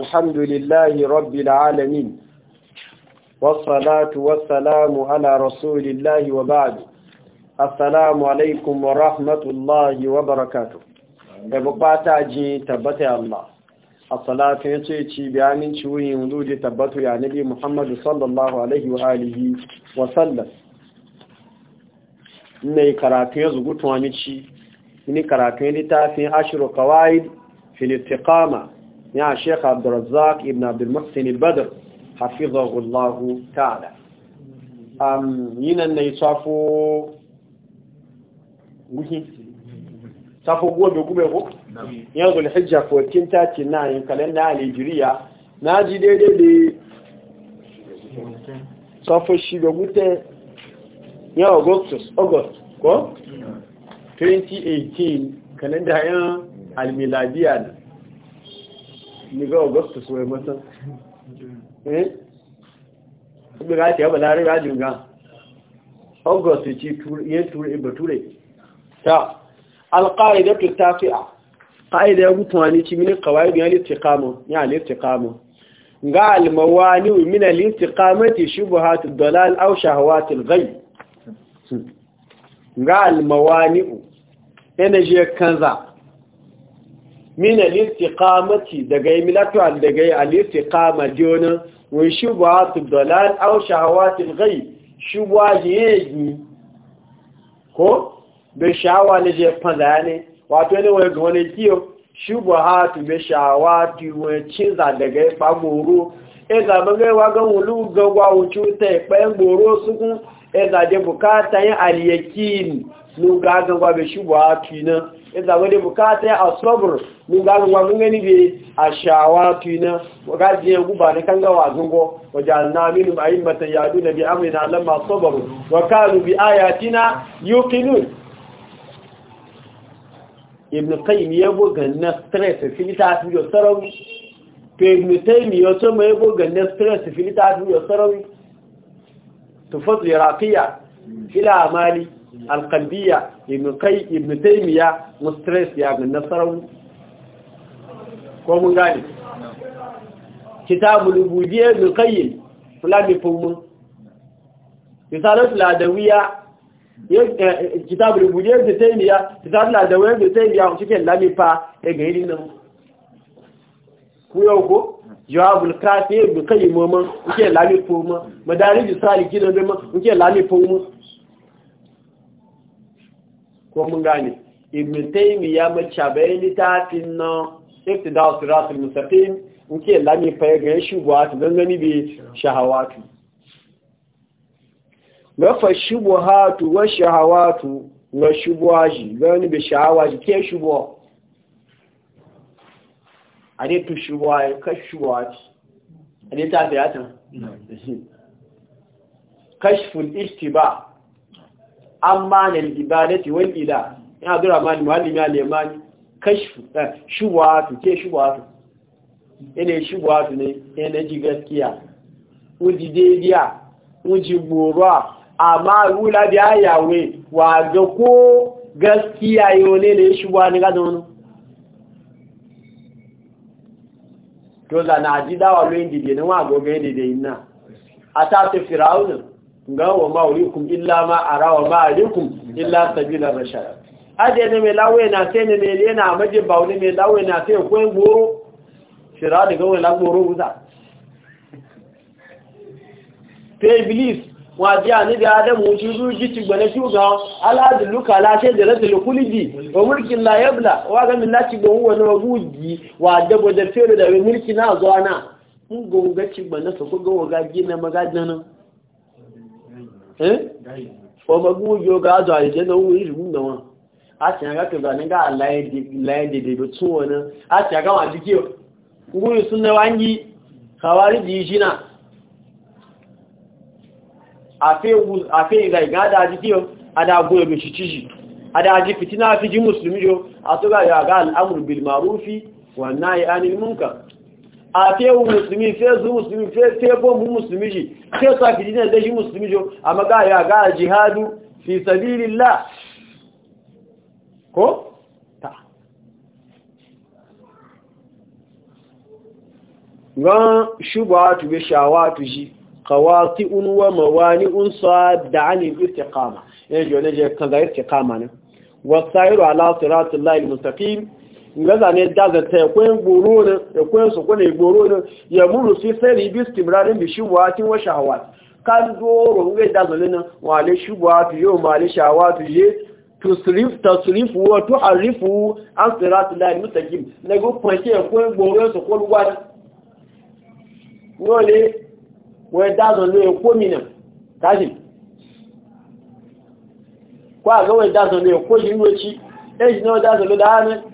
الحمد لله رب العالمين والصلاة والسلام على رسول الله وبعد السلام عليكم ورحمة الله وبركاته يبقى جي تبت الله الصلاة يتيتي بأمين شوي ولود تبت يا نبي محمد صلى الله عليه وآله وسلم ne كراتي ya وانيشي mici كراتي karatu ya littafin في kawai ya sheikh abdurrazzaq ibn abdul muhsin al-badr hafizahu allah ta'ala um yinan ne safo guki safo gobe gube ko yanzu al-hijja 1439 kalenda al-hijriya naji daidai da safo shiga gute ya augustus august ko 2018 kalenda yan almiladiya ni ga augustus wai mata eh bi ga ta balare ga jinga augustus ci tur ye tur e bature ta alqaidatu tafi'a qaida ya gutwani ci min qawaid ya litiqamu ya litiqamu ga almawani min al-intiqamati shubuhat ad-dalal aw shahawat al-ghayb ga almawani energy kanza min al-istiqamati daga milatu al daga al-istiqama jona wa shubhat ad-dalal aw shahawat al shubu shubha yi ko be shawa ne je ne wato ne wani gwane kiyo shubhat be shawati wa cinza daga pagoro e za bangai wa gan wulu ga wa wucu ta pe goro sukun e za je bukata yin al-yakin lu ga ga wa be shubhati na yadda wani bukata ya asabar min ganin wa mun gani bai a shawa tuna wagaji ya guba na kan gawa zungo wajen na a yi mata yadu na bi amina lamma sabaru wa kanu bi ayatina yuqinun ibn qayyim ya buga na stress filita su yo sarawi to ibn tayyim ya to mai buga na stress filita su yo sarawi tufatul iraqiya ila amali alkalbiya ibn kai mustres ya ga nasarar ko mun gani kitabul ubudiyya ibn fulani fumun risalat ladawiya eh, kitabul ubudiyya ibn taimiya ladawiya ibn taimiya cikin lamifa ya ga irin nan ku yau ko jawabul kafi ibn qayyim mun cikin lamifa lamifa mu? ko mun gane ibn taymi ya mace bayan littafin na iktidal siratul mustaqim nke lami faye ga shubuhatu don gani bi shahawatu gafa shubuhatu wa shahawatu ga ji gani bi shahawaji ke shubuha a dai tu shubuha ka shubuhaji ji ade ta fiyatan kashful ishtiba amma na ibadati wal ila in abdurrahman muallimi al-yamani kashfu eh, shubuhatu ke shubuhatu ene shubuhatu ne ene ji gaskiya uji dediya uji gboruwa amma rula da yayawe wa ga ko gaskiya yone ne shubuwa ne ga dono to da na ji dawa lo indi ne wa gogo indi de inna ata te firawun ga ma ulikum illa ma ara ma alikum illa sabila rashad aje ne mai lawe na sai ne mai lena maje ba wani mai lawe na sai koyin goro shira daga wani lagoro wuta ta iblis wa biya ni da adam wuce zuci cigbane shuga al'adun luka lashe da rasul kulidi wa mulkin la yabla wa ga min lati gbo wani wagugi wa dabo da fere da mulki na zuwa na mun gonga cigbane su ko ga waga gina magadanin Eh? ọmọ gúnwó yóò ga azọ àìjẹ́ náà wọ́n wọn a ti àgá kẹgbà nígbà aláìdèdèdè tún wọn náà a ti àgá wọn àdíkẹ́ gúnwó sún náà wá ń yí kàwárí di iṣẹ́ náà àfẹ́ ìgbà ìgbà adájíkẹ́ adágún ẹgbẹ̀ ṣìṣìṣì adájí fìtínà fi jí mùsùlùmí yóò àtúgbà a tewu musulmi fesu musulmi fefobin musulmi shi sai sa fi jinar da shi musulmi jo a magaya ga jihadu fi sabilillah ko? ta ran tu ji, shawatu shi qawati'un wa mawani'un sadda anil istiqama yanzu ne je kan da kama ne Wasu wasairu ala siratil lahi mustaqim ngaza ne daga ta yakwen goro ne yakwen su kone goro ne ya muru fi sari bi istimrarin bi shubwa tin wa shahawat kan doro ngai daga ne wa le shubwa fi yo ma le shahawat ye tusrif tasrif wa tuharifu an sirat la mustaqim ne go pwete yakwen goro su ko luwa no le wa daga ne ko mina kaji kwa ga wa daga ne ko jinwoci eh no daga ne da ne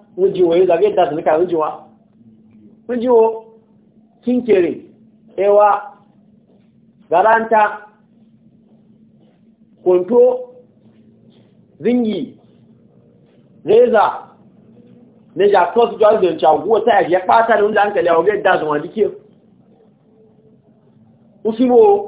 wuji wo yi zage da su nika wujiwa wujiwo kinkere ewa garanta kwanto zingi reza ne na jacobs jordan chagowa ta yi ya fata da wujan kalli a wuge da su wani ke usimo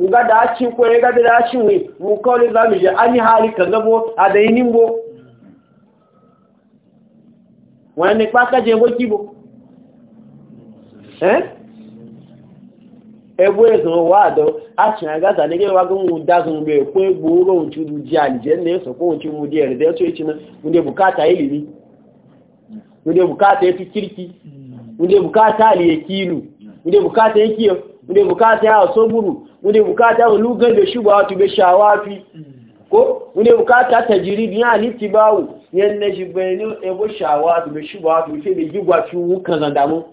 nga da aci ko ya gabe da aci ne mu za mu je hali ka zabo a da yinin bo wani ne kpaka je bo kibo e eh ebo ezo wa do aci na gaza ne gewa gun mu da gun be ko egbo ro ntu du ji anje ne so ko ntu mu di e de so ichi e na mu de bukata ilimi mu de bukata efi kirki mu de bukata aliyekinu mu de bukata ekiyo mune bukata ya soburu mune bukata lugar da shubha tu be shawafi ko mune bukata ta jiri ni ti tajridi ya litibawu yanne shibenu ebo shawafi be shi shubha tu fe be gigwa fi wukan zandamu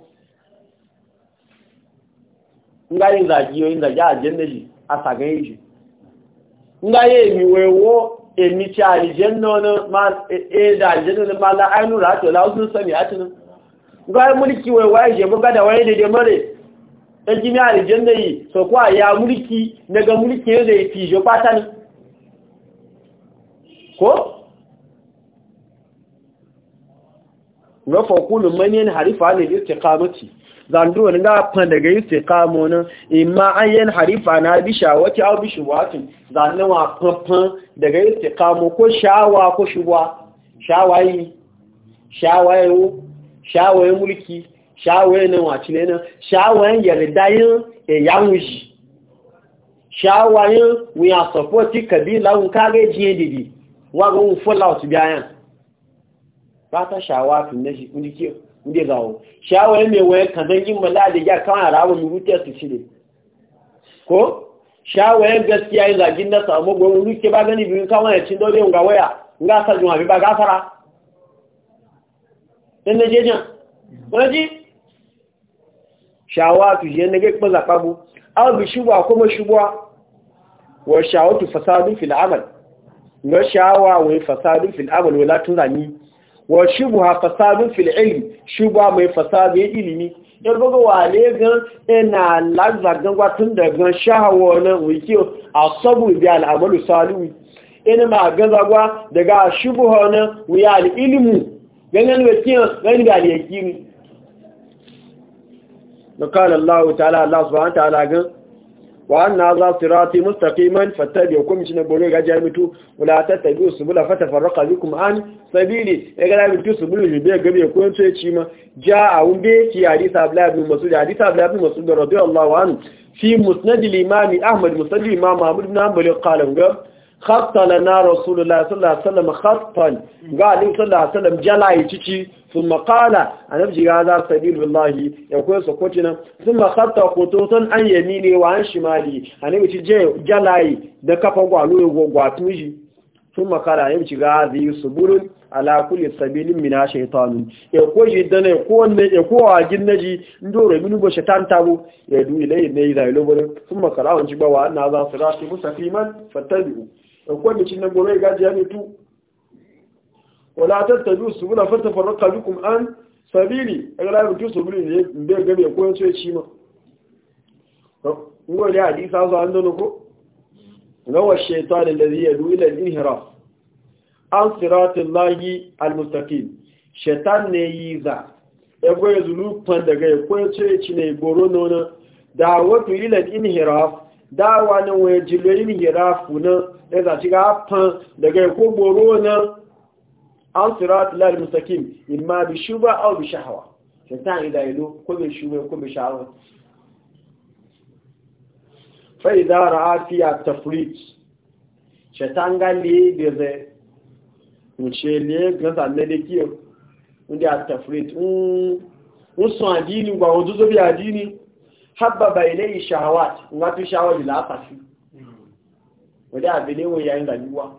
ngayin zaji yo inda ja ajende ji asagan ji ngaye mi wewo emi ti alijenna na ma e, e da alijenna ma la ainu rato la usun sami atinu ngaye mulki wewa je buga da waye de mare ɗan jini aljanna yi so kuwa ya mulki daga mulki ne da ya fijo ne, ko? rafa kulun manyan harifa ne da kamaci zandu wani gafan daga istiqamo nan imma an yi harifa na bisha wata abu bi shuwatin zandu wa fafan daga kamo ko shawa ko shawa yi shawayo shawaye mulki shawaye nan wacile nan shawayen yardayin yawon shi shawayen wuya sopoti kabila wun kare jiye didi wagon wun full out biyayen fata shawa tun na shi ndi gawo shawayen ko gaskiya yin na gani biyun kawai ya cin dole yin ga shawatu je na gekpa zakabu aw bi shubha kuma shubha wa shawatu fasadun fil amal na shawa wa fasadun fil amal wala tunani wa shubha fasadun fil ilm shubha mai fasadun ilimi yar gogo wale gan ina lazza gan tun da gan shahawa na wiki asabu bi al amalu salihu ina ma gan zagwa daga shubha na wi al ilmu ganan wetiyan ganan da yakini وقال الله تعالى الله سبحانه وتعالى وأن هذا صراطي مستقيما فاتبعوكم من بولو غاجا متو ولا تتبعوا السبل فتفرق بكم عن سبيلي يغلا متو سبل جبي غبي كون تشيما جاء ومبي في حديث عبد الله بن مسعود حديث عبد الله بن مسعود رضي الله عنه في مسند الإمام أحمد مسند الإمام محمد بن حنبل قال khattala na rasulullahi sallallahu alaihi wasallam khattan ga ali sallallahu alaihi wasallam jala yici kala qala ga za sabil billahi yakun sokotina kuma khatta khututun an ne wa an shimali ci je jalai da kafan gwalo kala thumma ci ga hadhi subulun ala kulli sabilin mina shaytanun ya ko ji da ne ko ne ya ko wa gin naji ndore go bo shaytan tabo ya du ilai ne da ilo kuma kala qala an ji ba wa na za sirati musafiman fattabi'u ɗaukuwar da cikin gobe gaji ya tu. wala tattabi su bula fata farraka bikum an sabili a ga lafi tusu bulu ne bai gabe koyon so ya ci ma ngwai a hadisa su an dano ko gawa shaitanin da zai yadu ila inhira an siratun lahi almustaqim shaitan ne yi za ya goya zulufan daga ya koyon ya ci ne goro nuna da wato ila inhira dawa na wani jilorin girafu na ya zaci ga hafan daga ko goro na an sirat lal mustakim imma bi shuba aw bi shahwa shaitan ida ido ko bi shuba ko bi shahwa fa idza fi at-tafrit shaitan bi ze nche le gaza ne de kiyo ndi at-tafrit sabbaba ilayhi shahawat watu shawali la afasi wada abelewo yaenda juwa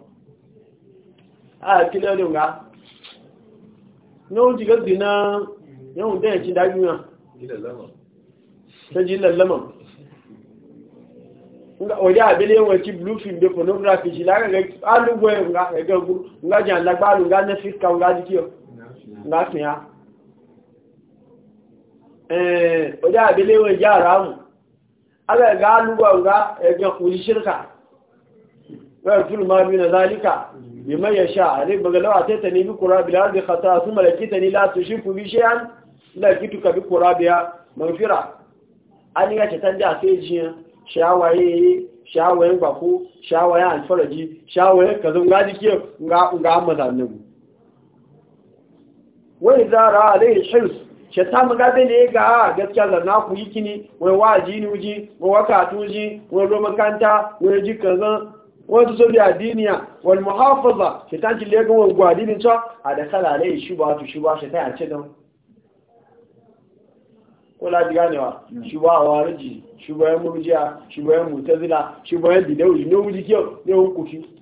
ah kile ole nga no jiga dina yau da yaci daju na sajil lalama nga wada abelewo ci blue film de pornography ji la ga alu boy nga ga gu nga jan lagbalu nga na fiska nga dikio nga tiya wajen eh, abilewa yara mu ala ga aluwa ga ya kuri shirka wa yakul ma bi zalika bima yasha ale bagalawa sai ta nemi qurabi la bi khata su malakita ni la tushriku bi shay'an la kituka bi qurabiya magfira an ga ta tanda sai jiya shawaye shawayen bako shawayen alfaraji shawayen kazan gaji ke ga ga mazanin wa idara alai hirs shata magabe ne ga ah, gaskiya zanna ku yi kini wai wa jini uji wai waka tuji wai ro makanta wai ji kaza wai su sabi adiniya wal muhafaza shatan ki lega wai gwadi ne ta, a da kala shi ba tu shuba shata ya ce don. ko la diga ne wa shuba warji shuba murjiya shuba mutazila shuba bidawi no uji kiyo ne hukuki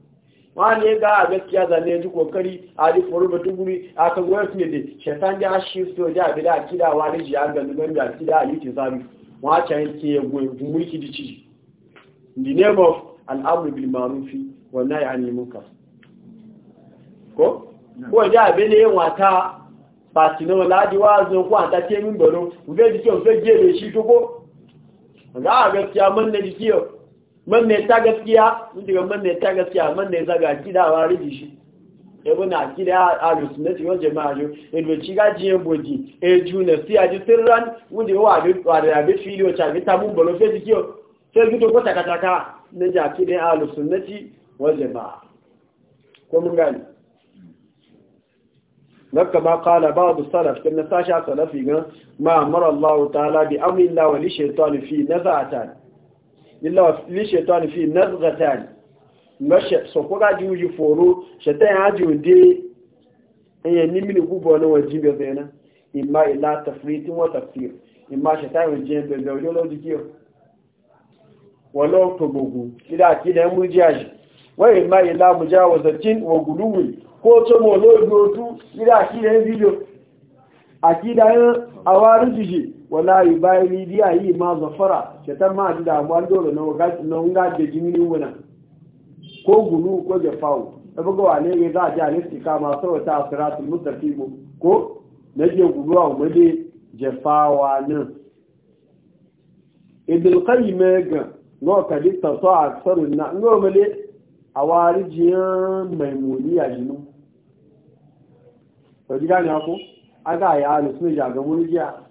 wani ga a gaskiya zane ji kokari a ji foro da tuguri a kan su ne da shaitan da shi so da abi da kida wa da ji an ga lugan da kida a yuki sami wa ta yake mulki da ciji the name of abu bil marufi wa nahy anil muka ko ko da abi ne wata pati no ladi wa zo ko anta te min bolo ube ji ko fe jere shi to ga a gaskiya mun ne ji man mai ta gaskiya daga man mai ta gaskiya man mai zaga gidawa rigi shi ebe na gida alusu na tiwon jama'a yau ebe ci gaji yin boji eju na si aji sirran wunde wa adabe fili wacce abin tamun balo fe jikiyo sai gido ko takataka na jaki da alusu na ci wa jama'a ko mun gani naka ma kala ba abu salaf kan na sashi a salafi gan ma amara allahu ta'ala bi amin lawa li shaitani fi na za'atani li shaitan fi nazghatan mashe so ko ga ji uji foro shaitan ya ji unde eyan ni mini gubo na waji be na imma ila tafritin wa tafsir imma shaitan ya ji be da ideology kiyo walau to gugu ila ki da mu jaji wa imma ila mujawazatin wa guluwi ko to mo lo do tu ila ki da video akida awari jiji wala yi bayan a yi ma zafara shaitan ma ji damuwa dole na wunga da jimini wuna ko gulu ko jafawo da buga wane ya za a ji alistika masu asiratun asiratul mustafimu ko na je gulu a umarde jafawa nan idil kai mega no ka dita so a tsarin na no a wari jiyan a jinu ko ne ako aga ya jagamun jiya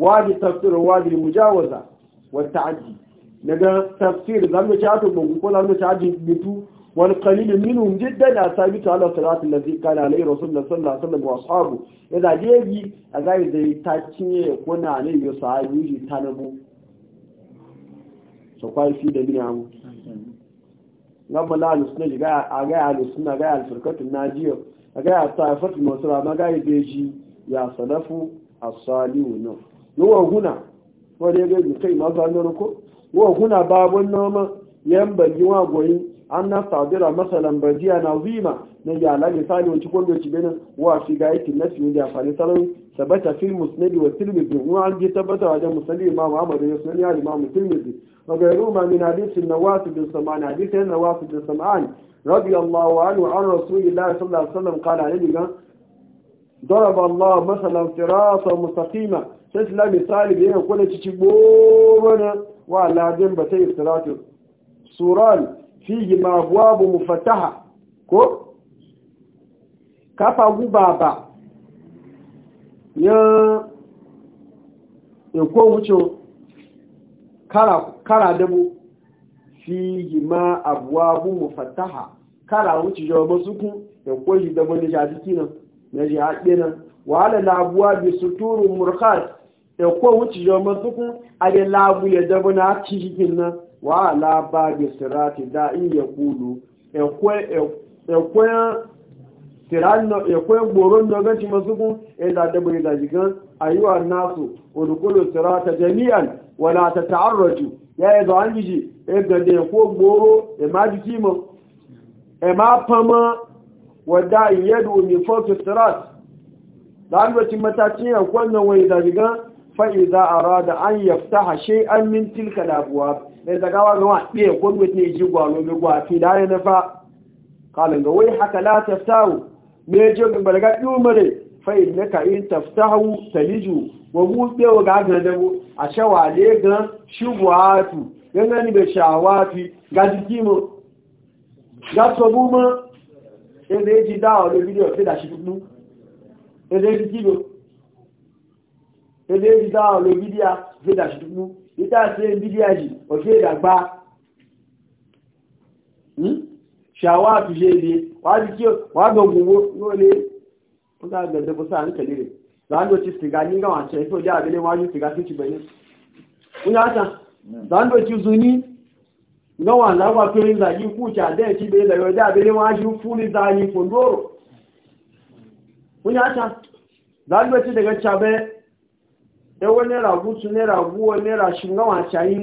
wajib tafsir wajib mujawaza wa ta'addi daga tafsir zamu ci ato bugu ko zamu ci aji bitu wal qalil minhum jiddan asabitu ala salati allazi kana alayhi rasulullah sallallahu alaihi wasallam wa ashabu yadda jeji azai zai dai ta cinye ko na ne yo sahabi ta tanabu so kai fi da biya mu bala al sunna ga a ga alusuna ga alfirkatun najiyo ga ya fatu masra ma ga ya salafu as-salihun wa huna wani ya gani kai masu hannun ko wa guna babun noma yan bagi wa goyi an na sadira masalan bajiya na zima na yala misali wacce kwando ci benin wa fi ga yake na fiye da amfani salon sabata fi musnadi wa tirmidhi wa an ji tabbata wajen musalli imamu amadu ya sunani ya imamu tirmidhi wa gairu ma min hadisin nawasu bin samani hadisin wasu bin samani رضي allah wa عن رسول الله sallallahu alaihi wasallam kana ne عليه ضرب الله مثلا صراطا مستقيما sai islami talibi yana kuna cici goma na wa aladin ba sai iftiratun tsoron fiye ma abuwa bu fataha ko kafa guba ba ya ko wuce kara dabu fiye ma abuwa bu fataha kara wuce jawabar suku ya kwaji dabu na shafi kinan na jihaɗe nan wa ala labuwa bi suturun murkat ẹ̀kọ́ e òun ti yọ ọmọ tókún adéláàbúyẹ dẹ́bọ́n náà kí yíkì ná wàhálà bá gbèsèrà ti dá ìyẹ̀ kúlù ẹ̀kọ́ gbòòrò nọgán ti mọ́ tókún ẹ̀dà dẹ́bọ́n ìdàjì gan àyíwá náàsù olùkólò sèrà tẹ̀jẹ̀míyàn wọ̀là àtẹ̀tẹ̀ àrọ̀jù yá ẹ̀dọ̀ àńjìjì ẹ̀gẹ̀dẹ̀ ẹ̀kọ́ gbòòrò ẹ̀má jìkì mọ́ ẹ̀má pamọ́ wọ̀dá ìyẹ́dù òmìfọ́ tẹ̀sẹ̀rà láàrín wọ́n ti mẹ́ta tí ẹ̀kọ́ náà wọ̀nyí fa'iza a rada an yafta hashe an min tilka labuwa da zagawa gama ɗaya kwanwet ne ji gwano mai gwafi da ya nufa kalin ga wai haka la taftahu me je balga ɗumare fa'in na ka in taftahu taliju wa mu ɗewa ga gana damu a shawale ga shigwatu yana ni bai ga jiki mu ga sobu ma ɗaya ji dawa da bidiyo fi da shi ɗuɗu ɗaya ji kilo ebe ji dá ọ̀rọ̀ bídíà ṣe dàṣùdùkú ìta ṣe bídíà yìí ọ̀ṣẹ́ ìdàgbà hmm? ṣàwọ́ àtúnṣe èdè wà á kí wà á owó yóò lé gbẹ̀dẹ̀ kó sáà ń tẹ̀lé rẹ̀ láńdó ti sìgá ní gáwọn àṣẹ tó jẹ́ àbẹ́lé wájú sìgá tó ti bẹ̀yẹ láńdó ti tó ń zàyí kú ìṣà dẹ́ ti bẹ̀rẹ̀ lọ́wọ́ jẹ́ àbẹ́lé wájú fún ní zàyí fòndóró láńdó ti ṣàbẹ́ ẹwọ́ nera gúúsù nera gúúwọ́ nẹ́ra ṣùgbọ́n àṣàyí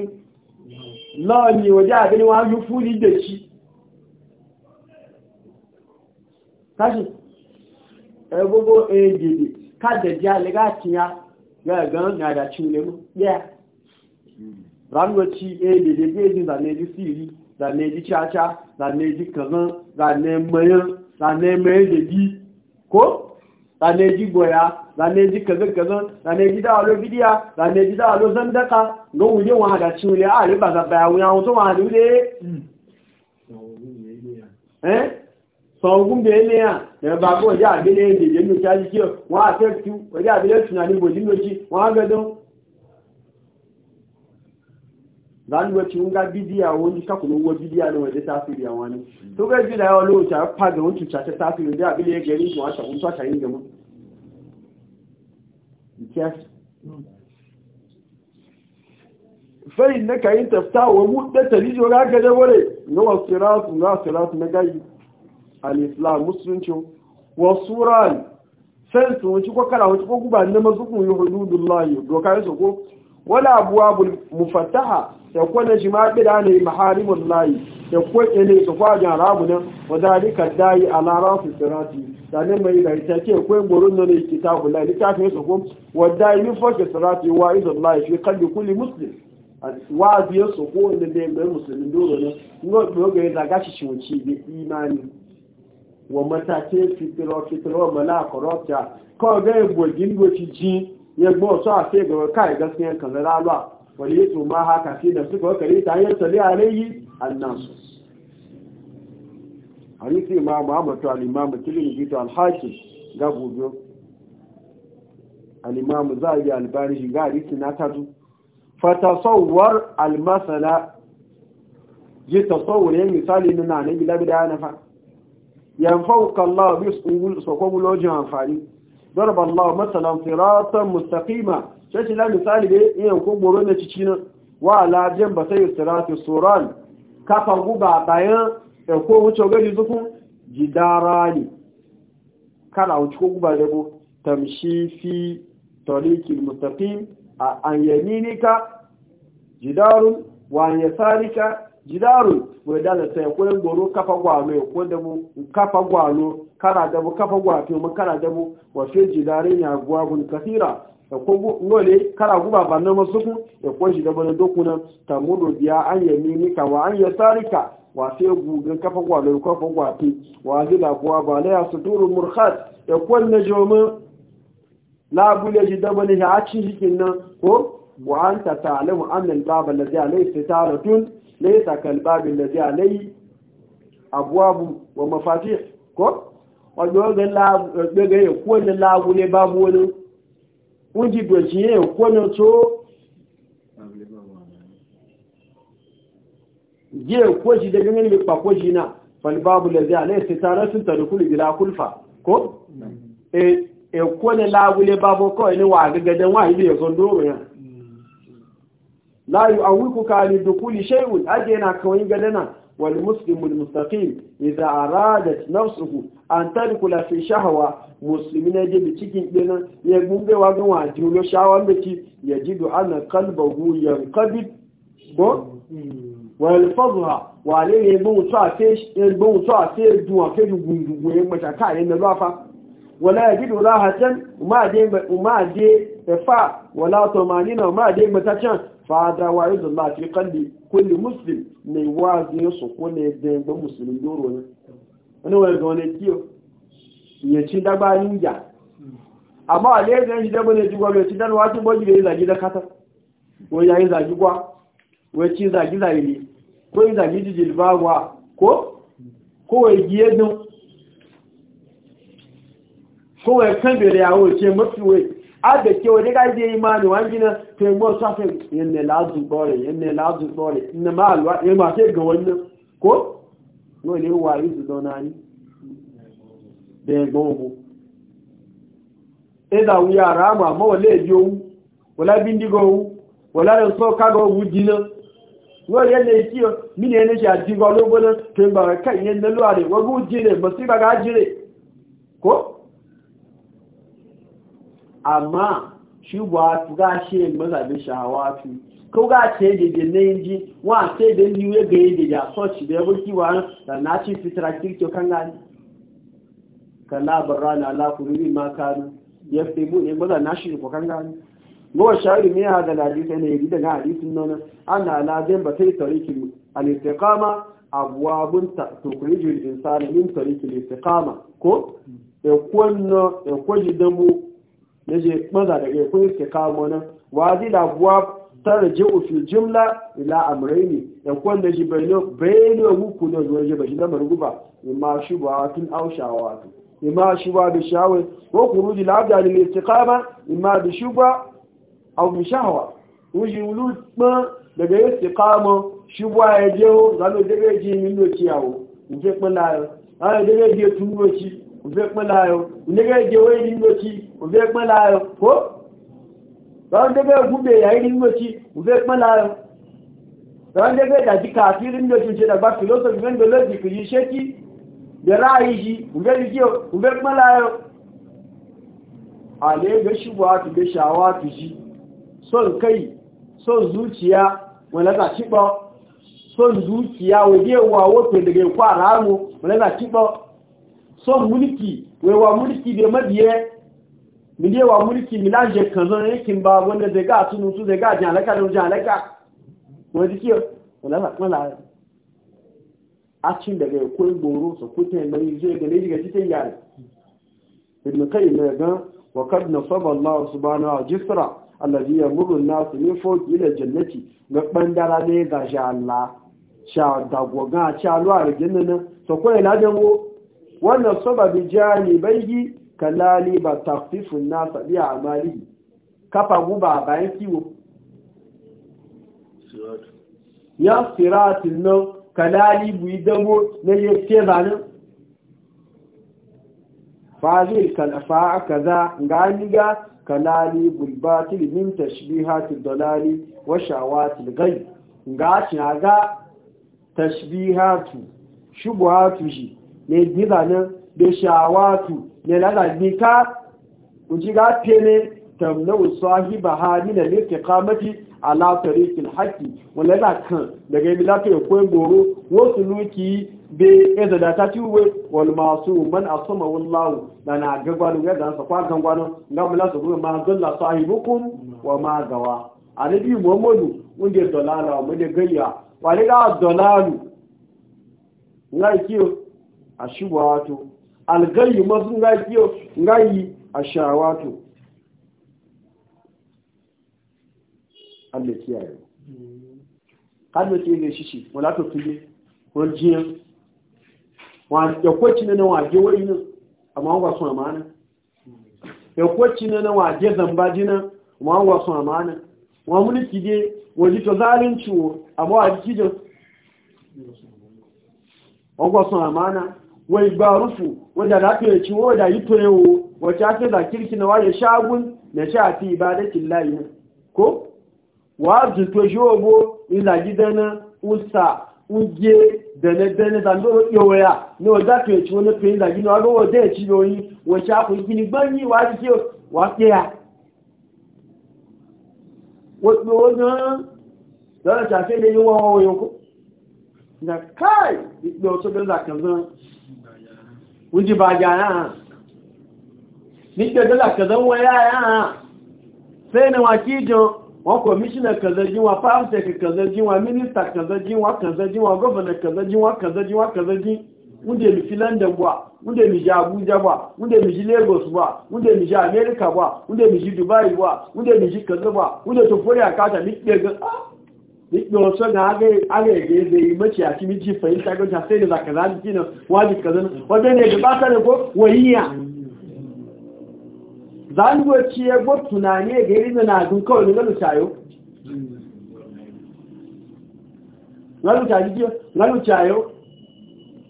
lọ́ọ̀ ni òjá àbí wọ́n yú fún ìdè sí ẹgbogbo èdèdè káàdẹ̀dẹ̀ alẹ́gá ti ya gẹ́gẹ́ ní àdàtí olèmú yẹ́ ránúwẹ̀tí ya zane ji goya zane ji kazin-kazin zane ji alo bidiya zane ji alo zandaka ga wuje wa hada ci wule a riba za baya wuya wato wa hada wule eh sọ̀gùn bẹ̀ẹ́ ní à ẹ̀rọ̀bà kó ọjá èdè jẹ́ ní ojú ajíkí wọ́n àfẹ́ tí ọjá àgbélé tùnà ní bòjì wọ́n á gẹ́dọ́ zanuwa ci wunga bidiya wani ta kuma uwa bidiya da waje tafiri a wani to ga bi da yawa lokaci a faga wani cuta ta tafiri da abin ya gari ko wata kun ta yin gama fai na kayin tafta wa mudda ta ga ga da wale na wasiratu na siratu na gayi al-islam musulunci wa suran sai su wuce ko kala wuce ko guba na mazukun yuhudullahi doka so ko wala abuwabul mufattaha da kwana jima'i da ne maharimun layi da kwace ne su kwajen ramunan wadalika dayi a larasu sirati sani mai da ita ke kwayin gorin nan ne kitabun layi littafin su kun wadda yi fashe sirati wa izon layi fi kalli kulli muslim wa biya su ko wanda da yamma musulmin dole ne ngo dogo ya zaga shi shiwuci da imani wa matakin fitiro ya gbo su a sai gaba kai gaskiya kan lalwa wani su ma haka shi da suka kare ta hanyar sali alayhi annas hadisi ma Muhammad to al-Imam Tirmidhi to al-Hakim ga gobe al-Imam Zahabi al-Bani ga hadisi na tatu fatasawwar al-masala ji tasawwure misali na nan gida bidaya na fa yanfauka Allah bi su ko lojin amfani ضرب الله مثلا صراطا مستقيما شاش لا مثال ko goro ne wa la jamba sai siratu suran kafan guba guba yabo tamshi fi tariqil jidarun wa jidaru wai da ta ya kuɗin goro kafa gwalo ya ko da mu kafa gwalo kana da mu kafa gwafi mu kana da mu wa sai jidarin ya gwabun kasira ya ko ngole kana guba ban na masuku ya ko shi da bana dokuna ta mudu biya an ya mimika wa an ya sarika wa sai gugun kafa gwalo kafa gwafi wa zila kuwa ba la ya suturu murkhat ya ko na jomin labule ji da bana ya ci hikin nan ko wa anta ta'lamu anna al-baba alladhi alayhi sitaratun ليس كالباب الذي عليه أبواب ومفاتيح كو ọjọ́gẹ́ ẹ̀kọ́ ní láàbúlé bá bóòlú wọ́n jí bẹ̀ sí ẹ̀kọ́ ní tó jí ẹ̀kọ́ sí dẹ̀ gẹ́gẹ́ ní pàkó jí náà falibábulẹ̀ zí alẹ́ ìsẹ̀tara sí tàrùkúlù ìlà kúlfà kó ẹ̀kọ́ ní láàbúlé bá bóòkọ́ la yu'awwikuka li dukuli shay'un na kawai gadana wal muslimul mustaqim idza aradat nafsuhu an tadkhula fi shahwa muslimina je cikin dena ya gumbe wa gan wa julo shawan da ci na anna qalbahu yanqabid ko wal fadha wa alayhi mutu afish mutu afish duwa fe gungugu yin mata yi na lafa wala ya yajidu rahatan ma de ma de fa wala tumanina ma de mata can fada wa yanzu Allah fi kalli kulli muslim ne wa zai su ko ne da ga musulmi doro ne wani wani gane kiyo ya ci dagba ninja amma a lera yanzu dagba ne jigwa mai ci dan wasu boji da yi zagi da kata ko ya yi zagi gwa ko ya ci zagi zagi ko yi zagi jijil ba gwa ko ko ya giye dun ko ya kan bere yawo ce mafi wai abe ke wani ga je imani wa gina to mo sa fe yanne lazu bore yanne lazu bore ina ma alwa ya ma sai ga wannan ko no ne wa yi su dona ni da gogo eda wu ya rama mo le bi owu wala bindigo owu wala le so ka go wu jina no ye ne ki yau, mi ne ne ja digo lo bona to ba ka yen le lo are ne gu jine masu si ba ga jire ko amma shi ba ga shi mazabe shahawatu ko ga ce da da ne ji wa sai da ni we ga da ya so ci da burki wa da na ci fitra kirki kan gani kana barana ala kulli ma kan yaftibu ne maza na shi ko kan gani gowa shari me hada da hadisi ne yi daga hadisin nan ana na zan ba sai tariki al-istiqama abwabun tukhriju al-insana min tariki al-istiqama ko e kwanno e kwaji damu na je maza da ga kun istiqama nan wazi da buwa tarji'u fil jumla ila amrayni da kun da jibailo bailo muku da zuwa jiba shi da marguba imma shubatun aw shawatu imma shuba da shawai ko khuruji labda lil istiqama imma bi shuba aw bi shahwa wuji wulu daga istiqama shuba ya je ho daga ji min do ciyawo in je kwana ayo daga je tuno ci òfẹ́ pẹ́ láàyọ onígbẹ́ ìjẹwé ìrìnlọ́tí òfẹ́ da láàyọ kó rọ́ndẹ́gbẹ́ ògúnbẹ̀ ìyà ìrìnlọ́tí òfẹ́ pẹ́ láàyọ rọ́ndẹ́gbẹ́ ìdàjí kààfí ìrìnlọ́tí ṣe dàgbà philosophy mẹ́ndọ́lọ́jì kì yí ṣé kí bẹ̀rẹ̀ àyíyí òfẹ́ pẹ́ láàyọ àlẹ́gbẹ́ ṣùgbọ́ àtìgbẹ́ ṣàwọ́ àtìjí son kai son zuciya wọ́n son zuciya wọ́n yẹ́ wà wọ́pẹ̀ daga ikú àrámù wọ́n lẹ́gbà son mulki wa mulki bai mabiye miliye wa mulki milaje kanzon yakin e ba wanda zai ga tunu su zai ga jalaka da jalaka wanda ke wala ba la a cin daga koyi goro su kuta mai zai ga ne daga cikin yare ibn kai ne ga wa kad nasaba Allah subhanahu wa jisra allazi yamuru an-nas min fawq ila jannati ga bandara ne ga sha Allah sha dagwaga sha ruwa da jannana so ko ina e wo wannan soba bi janibaihi kalali ba tafifin nasa biya amalihi kafa guba bayan kiwo ya siratin nan kalali bu yi damo na yi ce fazil kalafa aka za ganiga kalali bulbatil min tashbihatil dalali wa shawatil gai ga shi ga tashbihatu shubuhatu shi ne gizanin da shawatu ne lalabi ka kuji ga fene tamna usahi bahari ne ke kamati ala tarikin haƙi wanda yana kan daga ibi lafiya kwen goro wasu nuki be eza da ta ci uwe wani masu man a sama wallahu da na gagwano ya gansa kwakan gwano ga mula su gudun ma zalla sahibukum wa ma gawa a na biyu muhammadu wanda ya dalala wanda gayya wani ga dalalu nga kiyo a shubawato algayi masu ngayi a shawato Allah kiyaye kalmar ce ne shishi wala to fili wani jiyan wani yakwaci na wage wani nan amma wa su amana yakwaci na wage zamba jina amma wa su amana wa mulki je waje to zalunci amma wa jijin wa su amana wa igbarufu wanda na fiye ci wanda yi toyewo wacce ake za kirki na waye shagun na sha fi ibadatin layi ko wa zuto shogo ila gidana usa uge dane dane da ndo yoya ne wanda fiye ci wani fiye da gina wago wanda ya ci yoyi wacce aku gini gbanyi wa ji ke wa tsaya wato wajen da ta fi da yi wawo yau ko da kai ɗauki da zakan zan wuji ba gyana ha nike dala ka zan waya ya ha sai na wakijin wa komishina kazajin wa farmtech kazajin wa minista kazajin wa kazajin wa gwamna kazajin wa kazajin wa kazajin wunde mi fi london ba wunde mi ji abuja ba wunde mi ji lagos ba wunde mi ji america ba wunde mi ji dubai ba wunde mi ji kaza ba wunde tofori a kata nike ga ah Nikon so na agaghị ga-eze cikin achimichi fahimta ga sai da zakaza jiki na wajen kazan wadda ne gabata da a wayiya ci ya gwa tunani ga iri na dun kawai ne galu cayo galu cayo Za a cayo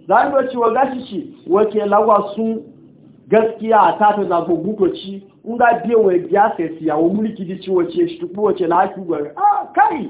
zangoci wa gashi shi wake lagwa sun gaskiya a tata zafi gukoci in ga biyan e wa e biya sai siya wa mulki ji ciwo ce shi tukuwa ce na haki gwara a ah, kai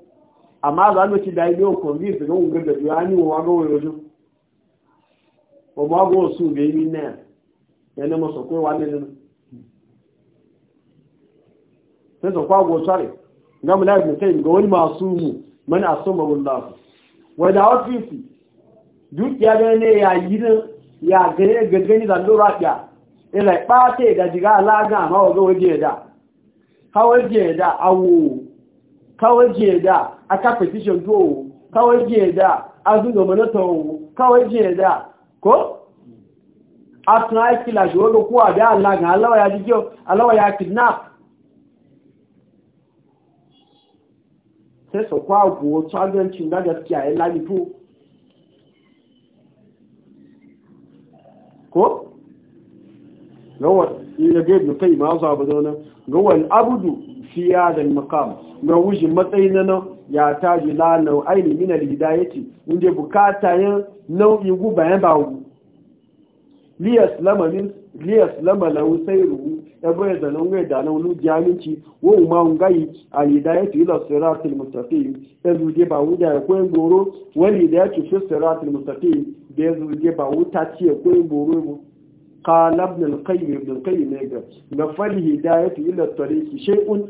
amma za mu ci da yi yau kwanzi su ga ungar da biya ni wa ga wani wajen wa ma ga wasu bai yi na ya na masa kai wani ne sai su kwago sare ga mu lafi sai ga wani masu mu mana a son magun lafi wadda ofisi dukiya da ne ya yi nan ya gane gangani da lura fiya ila ɓata da jiga alaga ma wa ga waje da hawa je da awo kawai jiye da aka petition to wo kawai jiye da azu ga mana to wo kawai jiye da ko atuna ikila jogo ku ada Allah ga Allah ya jiyo Allah ya kidnap sai so kwa go tsagen cin da gaskiya ya lani ko yawa ne ga ibn tayyib ma za ba da wannan ga fi hadal maqam ga wuji matsayin nan ya taji la nau aini min al hidayati inda bukata yin nau'i gu bayan ba gu liyas lamalin min li yaslama lahu ya zanan ga da nan lu jaminci wo ma ngai al hidayati ila siratil mustaqim yanzu je ba wuda ya koyin goro wal hidayati fi siratil mustaqim da yanzu je ba wuta ce koyin goro قال ابن القيم ابن القيم يقول نفل هداية إلى الطريق شيء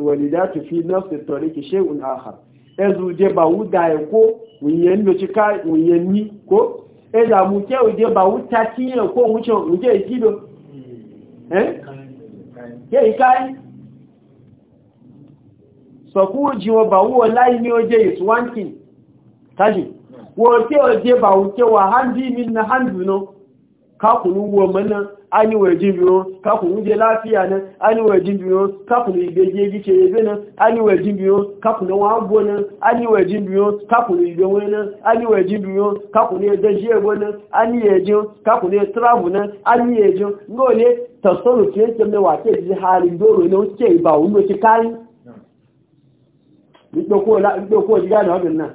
ولذات في نفس الطريق شيء آخر ezu je ba wuda ya ko wuyen da cika wuyen ko e da mu ke wuje ko wuce wuje kido eh ke kai so ku ji wa ba wo lai ni oje is one thing kaji wo ke oje ba wuke wa handi na handu no kakunu woman nan ani wajin biyo kakunu je na nan ani wajin biyo kakunu ibeje gice ebe nan ani wajin anyị kakunu wagbo nan ani wajin biyo kakunu ibewe nan ani wajin biyo kakunu edeje ebo nan ani ejo kakunu travel nan ani ke temne wa ji halin doro ne oke na ti kai ni gboko la gboko ji na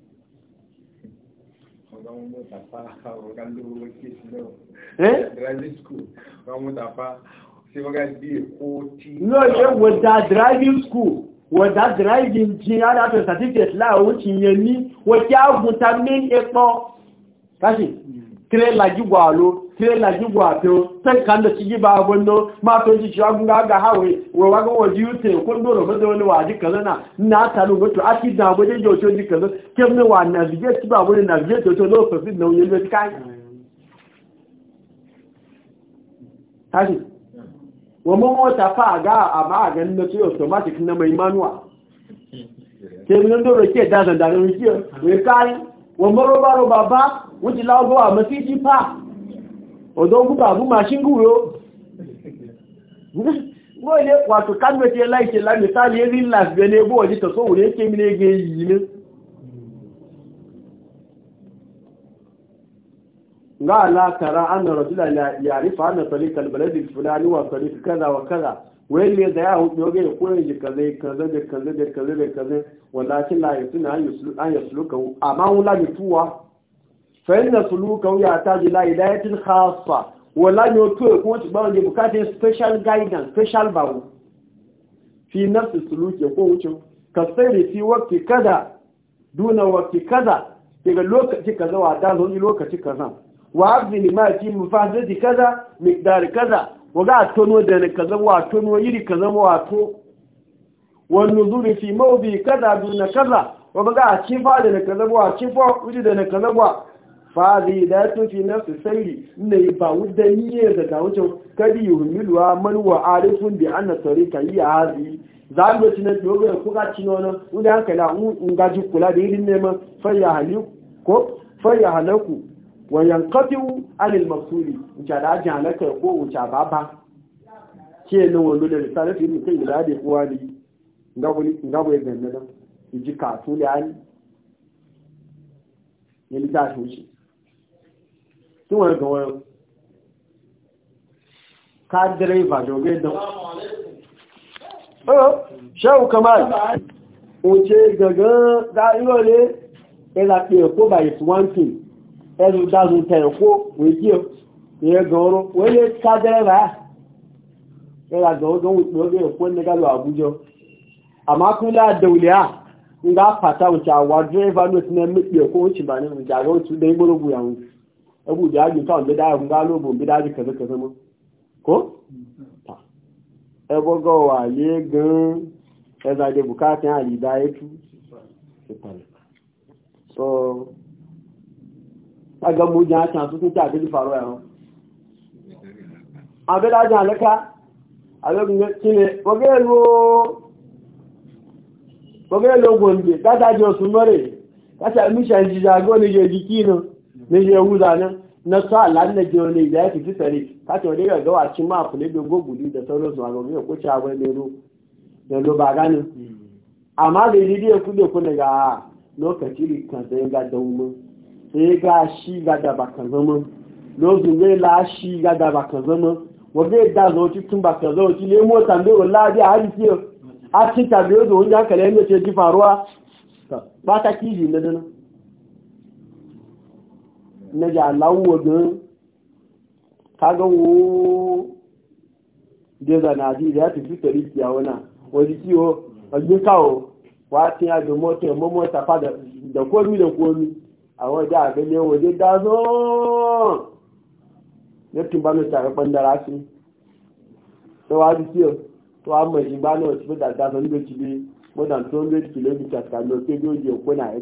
àwọn ọmọ tàfà àwọn ọ̀gá lówó kéèsì náà driving school àwọn ọmọ tàfà ṣe wọ́gá bí èkó tí. ní ọjọ́ wọ́n da driving school wọ́n da driving jin adájọ́ certificate láàrùn ti yẹn ní wọ́n kí á gùn ta main epo káṣí hmm. tírẹ́là jígbà ló tela jigwa to tan kan da ci ba gondo ma to ji shi gunga ga hawe we wa ga waji yute ro wa kaza na na ta lu to a ti da bo jo ji kaza wa na je ti ba bo na je to to lo fa fi na wo wa fa ga ga to automatic na mai ke ro ke da zan da ki we kai wa wuji lawo masiji odon guba abu mashin guro gole wato kan mace ya laike la misali ya zin lafiya ne bo waje ta so wuri yake mine ga yi ne ga la tara an rajula la yarifa anna tariq al balad fulani wa tariq kaza wa kaza wai ne da ya hudu ga ko ne ji kaza kaza da kaza da kaza da kaza walakin la yusuna an yusluka amma wala tuwa? fẹ́ẹ̀nà sùlúkà ó yàtà jùlá ìdáyẹ́tìl khaasa wọ́n láyé tó kuma ti gbáwọn jẹ bukata special guidance special bawo fi nafsi suluke ko wuce. ka tsere fi wakti kada duna wakti kada daga lokaci kaza wa ta zo lokaci kaza wa abdi lima fi mufazati kaza miqdar kaza wa ga tono da kaza wa tono yiri kaza wa to wa nuzuri fi mawdi kaza duna kaza wa ga ci fa da kaza wa ci fa wuri da kaza wa fazi da ya tofi na su sairi na yi ba da yi ya daga wucin kadi yi humiluwa manuwa arifin da an na tsari ka yi a hazi za a lokaci na dogo ya ga cino na wadda hankali a ungaji da irin neman fayya halaku wa yankatiwu al maksuri wuce da ajin ko wuce ba ba ke nan wando da da kuwa ne ngabo ya ji shi tí wọ́n gan wọ́n ká dẹ́rẹ́ ìbàjọ́ gẹ́ dán ọ́ ṣẹ́hùn kamal òun ṣe gangan dárílọ́lẹ́ ẹ̀là pé ẹ̀kọ́ by its one thing dáadùn tẹ̀ ẹ̀kọ́ wèjì ẹ̀yẹ gan pàtàkì àwọn náà ti òṣìbà ní àwọn abu da yajin kawai da daya kunga lobo bi daji kaza kaza mu ko ta ebo go wa ye gan e za de bukata ya ri da yetu so aga mu ja ta su ta bi faro ya abe da ja laka alo ngi kine bogelo bogelo gonde tata jo sumare tata mi shanji jago ni je dikino na yahuda nan na sa lanna jone da yake ji sare ta ce wani ga wacin ma kule da goguli da sauran su a gobe ko ci abai ne ro da ro ba gani amma da yi da ku da ku daga lokaci kan sai ga dawo sai ga shi ga da baka zama lozun ne la shi ga da baka zama wabe da zo ci tun baka zo ci ne mota ne wallahi a a ne ce na na ja lawo gan kaga wo de da na ji da ti fitari ki awona wani ki o ajin kawo wa ti a do moto mo mo ta pada da ko mi da ko mi awon da ga de da zo ne tun ba mi ta ga bandara si to wa ji ki o to a mo ji ba ti da da so ni be ti be more than 200 kilometers kan lo pe bi o je ko na e